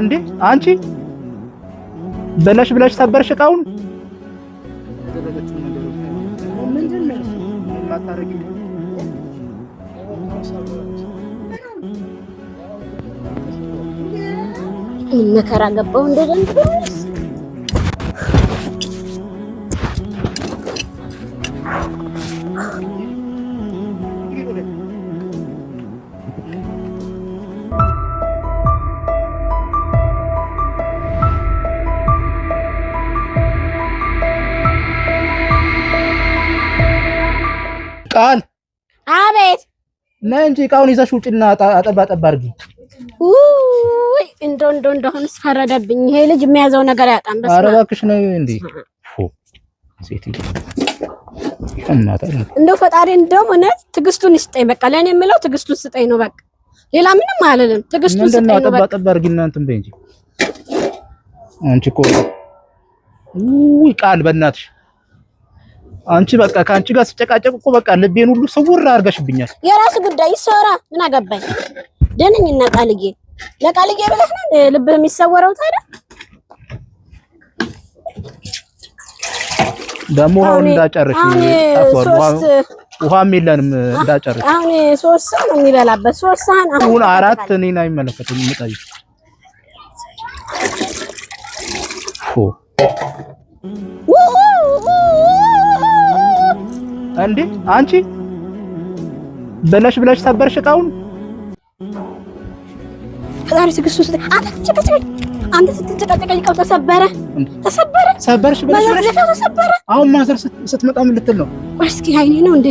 እንዴ አንቺ ብለሽ ብለሽ ሰበርሽ እቃውን። መከራ ገባው እንደደንብ ና እንጂ እቃውን ይዘሽ ውጭና አጠባ አጠባ አድርጊ። ውይ እንደው እንደው እንደሆነ ፈረደብኝ። ይሄ ልጅ የሚያዘው ነገር ያጣም። በስመ አብ ኧረ እባክሽ ነው እንዴ! እንደው ፈጣሪ እንደው እውነት ትዕግስቱን ይስጠኝ። በቃ ለእኔ የምለው ትዕግስቱን ስጠኝ ነው። በቃ ሌላ ምንም አልልም። ትዕግስቱን ስጠኝ ነው። በቃ አጠባ አጠባ አድርጊና እንትን በይ እንጂ አንቺ እኮ ውይ ቃል በእናትሽ አንቺ በቃ ከአንቺ ጋር ስጨቃጨቅ እኮ በቃ ልቤን ሁሉ ስውር አድርገሽብኛል። የራስ ጉዳይ ይሰራ ምን አገባኝ? ደንኝ እና ቃልዬ ለቃልዬ ብለህ ነው ልብህ የሚሰወረው ታዲያ? ደግሞ አሁን እንዳጨርሽ ውሃም የለንም እንዳጨርሽ። አሁን ሶስት ሰው ነው የሚበላበት ሶስት ሰሃን አሁን አራት እኔን አይመለከትም የምጠይቅ ኦ እንዴ አንቺ ብለሽ ብለሽ ሰበርሽ እቃውን። ፈጣሪ ትግስቱ ስጥ። አንተ ስትጨቀጭቀኝ አንተ ስትጨቀጭቀኝ እቃው ተሰበረ ተሰበረ ሰበርሽ ብለሽ ብለሽ ተሰበረ። አሁን ማዘር ስትመጣ ምን ልትል ነው? እስኪ አይኔ ነው እንዴ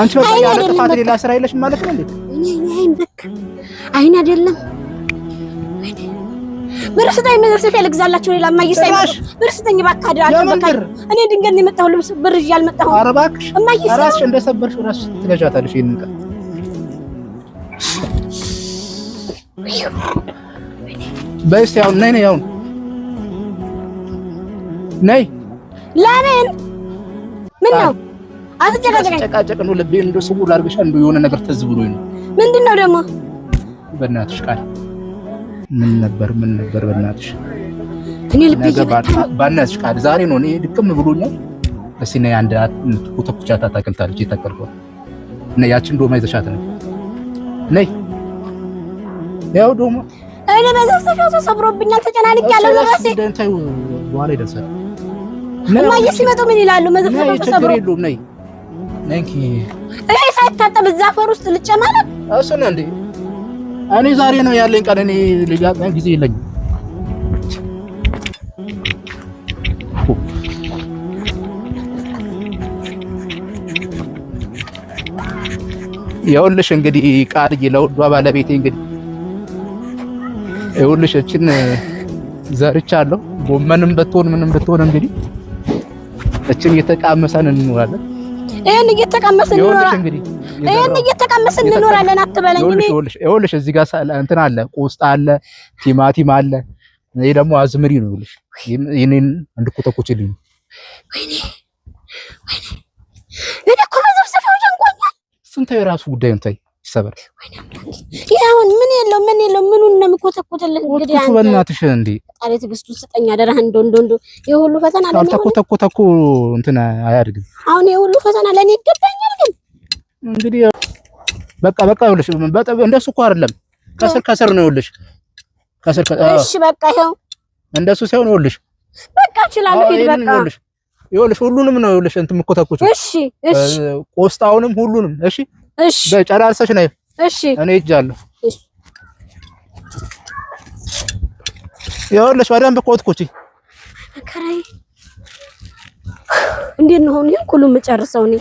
አንቺ በቃ ያለ ጥፋት ሌላ ስራ የለሽም ማለት ነው እንዴ? አይኔ አይኔ በቃ አይኔ አይደለም ብር ስጠኝ፣ ልብስ ልግዛላችሁ። ሌላ እማዬ ስጠኝ፣ ብር ስጠኝ እባክህ። እኔ ድንገት የመጣሁ ልብስ ብር ይዤ አልመጣሁም። ኧረ እባክሽ እራስሽ እንደሰበርሽ እራስሽ ትገዣታለሽ። ይሄንን ዕቃ በይ እስኪ አሁን ነይ፣ ነይ፣ አሁን ነይ። ለምን ምን ነው አትጨቃጨቅም? ልቤን እንደው ስውር አድርገሻል። እንደው የሆነ ነገር ተዝ ብሎኝ ነው። ምንድን ነው ደግሞ በእናትሽ ቃል ምን ነበር ምን ነበር? በእናትሽ እኔ ልብ ባናትሽ ቃል ዛሬ ነው እኔ ድቅም ብሎኛል። እስኪ ነይ አንድ ኮተኩቻት አታክልታለች የተከልኳት ነይ፣ ያችን ዶማ ይዘሻት ነው ነይ። ያው ዶማ እኔ በዘብሰሻው ሰብሮብኛል፣ ተጨናንቄያለሁ። ለራሴ ደንታዩ በኋላ ይደርሳል። እማዬ ሲመጡ ምን ይላሉ? መዘብሰሻው ተሰብሮ ነይ ነይ። ሳይታጠብ እዛ አፈር ውስጥ ልጨማለት እሱን እንዴ እኔ ዛሬ ነው ያለኝ ቀን። እኔ ሊጋጠን ጊዜ የለኝም። ይኸውልሽ እንግዲህ ቃልዬ ለውዷ ባለቤቴ እንግዲህ ይኸውልሽ እችን ዘርቻለሁ። ጎመንም ብትሆን ምንም ብትሆን እንግዲህ እችን እየተቃመሰን እንኖራለን። ይሄን እየተቀመስን እንኖራለን። ይሄን እየተቀመስን እንኖራለን አትበለኝ። እኔ ይኸውልሽ እዚህ ጋር እንትን አለ፣ ቆስጣ አለ፣ ቲማቲም አለ። ይሄ ደግሞ አዝምሪ ነው። ይኸውልሽ ይሄን እንድትኮተኩችልኝ ነው። ወይኔ ወይኔ፣ እኔ እኮ መዘብሰፋው ጨንቆኛል። እሱን ተይው፣ የራሱ ጉዳይ እንታይ ይሰበር። አሁን ምን የለው ምን የለው ምኑ ነው እንግዲህ አንተ በእናትሽ እንዴ ጣሪ ትግስቱ ስጠኝ አደራህ። የሁሉ ፈተና ለኔ ካልተኮተኮተ እኮ እንትን አያድግም። አሁን የሁሉ ፈተና ለኔ ይገባኛል። ግን እንግዲህ በቃ በቃ ይኸውልሽ፣ እንደሱ እኮ አይደለም። ከስር ከስር ነው ይኸውልሽ፣ ከስር ከስር። እሺ በቃ ይኸው እንደሱ ይኸውልሽ፣ በቃ እችላለሁ። ሂድ በቃ ይኸውልሽ፣ ሁሉንም ነው ይኸውልሽ እንትን የምኮተኩት። እሺ እሺ፣ ቆስጣውንም ሁሉንም። እሺ እሺ፣ በጨራርሰሽ ነይ። እሺ፣ እኔ ሄጃለሁ። ይኸውልሽ በደንብ ኮትኩቺ። ከራይ እንዴት ነው ሁሉ ሁሉ የምጨርሰው እኔ?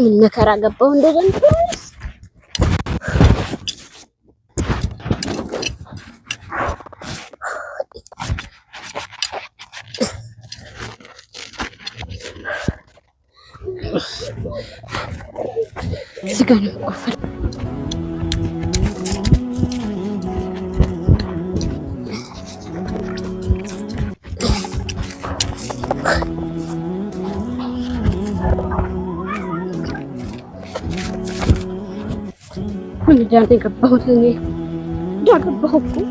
ምን መከራ ገባው እንደዚህ Цыган офер. ምን ጃንቴ ገባሁት እኔ ዳገባሁ እኮ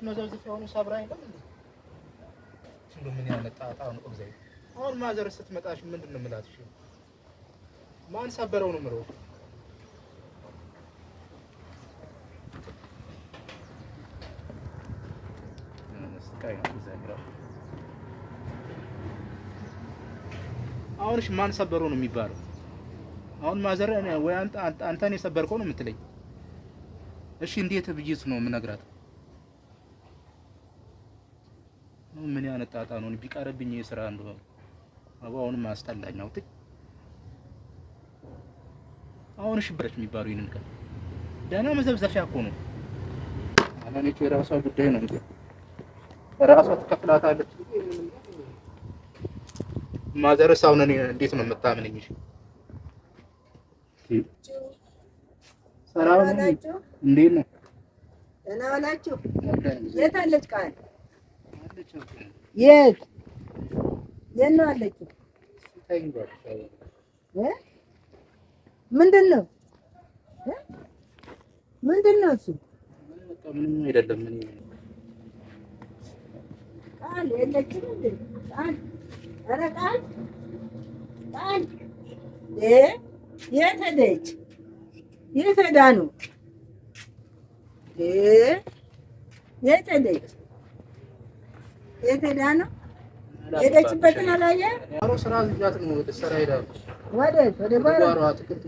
ጭራሽ ነው ዘብዝፍ የሆኑ ሰብራ አይደል እንዴ? ምን ያመጣጣ ነው? ኦብዘይ አሁን ማዘር ስትመጣሽ ምንድን ነው የምላትሽ? ማን ሰበረው ነው የምለው? አሁንሽ ማን ሰበረው ነው የሚባለው? አሁን ማዘር ወይ አንተ አንተ የሰበርከው ነው የምትለኝ? እሺ እንዴት ብዬሽ ነው የምነግራት? ምን ያነት ጣጣ ነው? ቢቀርብኝ የስራ እንደሆነ አሁንም አስጠላኝ። አውጥ አሁን ሽበረች የሚባለው ይንን ቀን ደህና መዘብዘፊያ እኮ ነው። አላኔቹ የራሷ ጉዳይ ነው እንዴ ራሷ ትከፍላታለች። ማዘርስ አሁን እኔ እንዴት ነው የምታምንኝ? ሰላም እንዴት ነው? ደህና ዋላችሁ? የት አለች ቃል የት የት ነው አለችው። ምንድን ነው ምንድን ነው እሱ? ምንም አይደለም። ቃል የለችም እንዴ? ቃል ኧረ ቃል ቃል የት ሄደች? የት ሄዳ ነው? የት ሄደች? የት ሄዳ ነው? ሄደችበትን አላየህ? ስራ ይዣት ነው ወደ ስራ ሄዳለሁ። ወዴት? ወደ ጓሮ አትክልት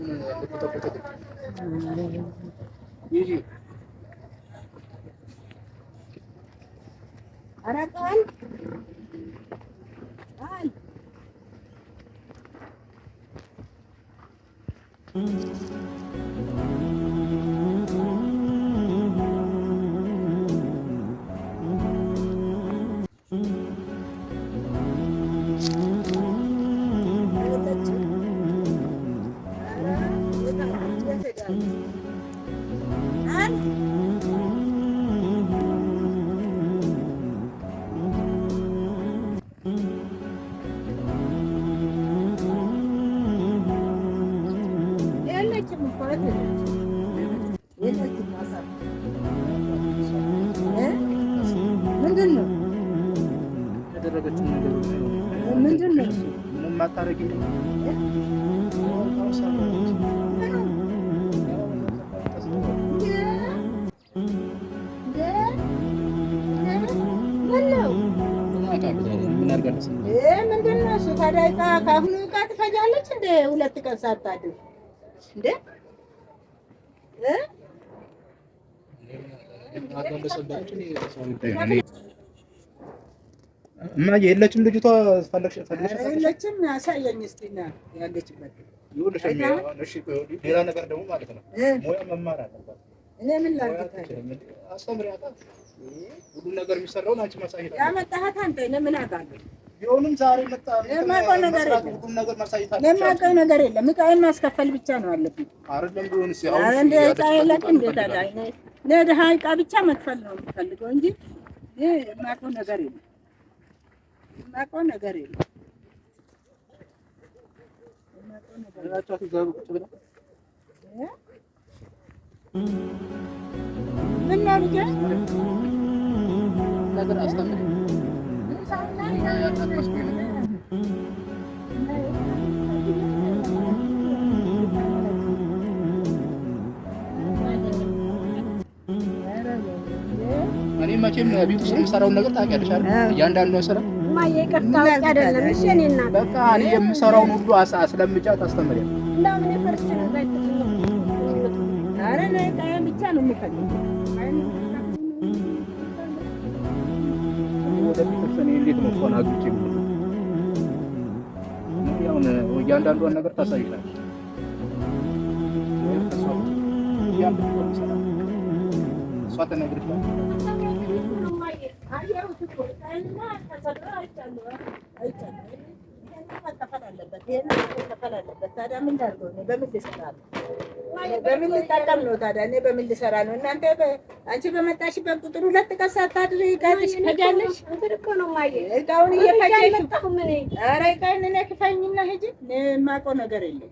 ምንድን ነው እሱ ታዲያ? ዕቃ ከአሁኑ ዕቃ ትፈጃለች እንደ ሁለት ቀን ሳታድር እንደ እና የለችም ልጅቷ ፈለግሽ ፈለግሽ የለችም። ያሳየኝ እስቲ እና ያለችበት ሌላ ነገር ደግሞ ማለት ነው ሙያ መማር አለባት። እኔ ምን ላድርግ? አስተምሪያታ። ሁሉ ነገር የሚሰራውን አንቺ ማሳየት አንተ። እኔ ምን አውቃለሁ? የማውቀው ነገር የለም። ማስከፈል ብቻ ነው አለብኝ። አይደለም የለም። እንዴት አለ? እኔ ብቻ መክፈል ነው የምፈልገው እንጂ የማውቀው ነገር የለም። የማውቀው ነገር የለም። እኔ መቼም ቤት ውስጥ የምሰራውን ነገር ታውቂያለሽ አይደል? እያንዳንዷ ስራ እማዬ ይቅርታ ውስጥ አይደለም። እሺ እኔ እና በቃ እኔ የምሰራውን ሁሉ አሳ ስለምጫት አስተምሪያት። እንደውም እኔ ነው ጋር ኧረ ቃየም ብቻ ነው የምፈልገው። እያንዳንዷን ነገር ታሳይሻለሽ። እሷ ተነግርሻለች በምን ልጠቀም ነው ታዲያ? እኔ በምን ልሰራ ነው? እናንተ አንቺ በመጣሽበት ቁጥር ሁለት ቀን ሳታድሪ እቃሽ ፈጃለሽ። እቃውን እየፈጀሽ ኧረ እቃዬን እኔ ክፈኝና ሂጂ። የማውቀው ነገር የለም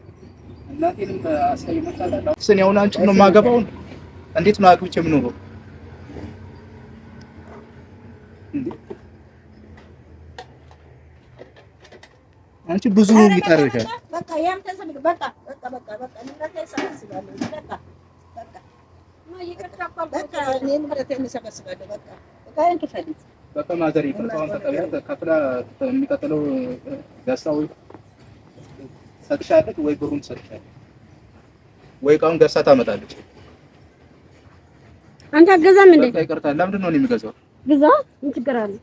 ስኔ አሁን አንቺም ነው የማገባው። እንዴት ነው አግብቼ የምኖረው? አንቺ ብዙ ይቀርሻል። በቃ ማዘር ይቅርታ፣ አሁን ከፍላ የሚቀጥለው ገሳዊ ሰጥሻለች ወይ ብሩን ሰጥሻለች ወይ እቃውን ገዝታ ታመጣለች። አንተ አትገዛም እንዴ? ይቅርታ፣ ለምንድን ነው የሚገዛው? ግዛ፣ ምን ችግር አለ?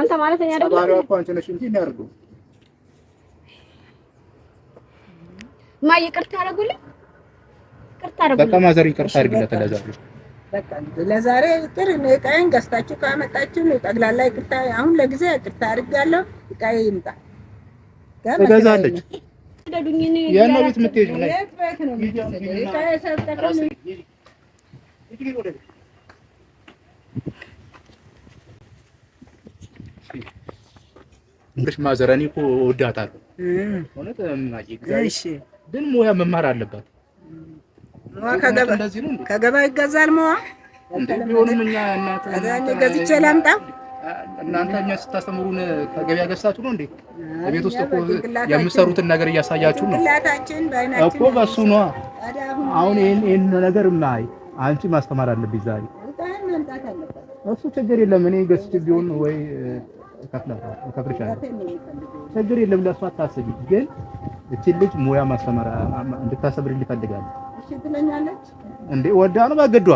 አንተ ማለት እኔ አይደለም ባሪያ እኮ አንቺ ነሽ እንጂ እኔ አይደለሁም። ማይ ይቅርታ አደረጉልኝ፣ ይቅርታ አደረጉልኝ። በቃ ማዘር ይቅርታ አድርግላት ለዛሬ በቃ ለዛሬ ጥር እቃዬን ገዝታችሁ ካመጣችሁ ነው ጠቅላላ ይቅርታ። አሁን ለጊዜ ይቅርታ አድርጋለሁ። እቃዬ ይምጣ። እገዛለች እንግዲህ ማዘር እኔ እኮ እወዳታለሁ ግን ሙያ መማር አለባት። ከገባ ይገዛል። መዋ ቢሆንም እኛ ገዝቼ ላምጣ እናንተ እኛ ስታስተምሩን ከገበያ ገዝታችሁ ነው እንዴ? በቤት ውስጥ እኮ የምትሰሩትን ነገር እያሳያችሁ ነው እኮ። በሱ ነው አሁን ይሄን ነገር ላይ አንቺ ማስተማር አለብኝ ዛሬ። እሱ ችግር የለም እኔ ገዝቼ ቢሆን ወይ እከፍልሻለሁ፣ ችግር የለም ለእሱ አታስቢ። ግን እቺ ልጅ ሙያ ማስተማር እንድታሰብር ይፈልጋል እንዴ? ወዳ ነው ባገዷ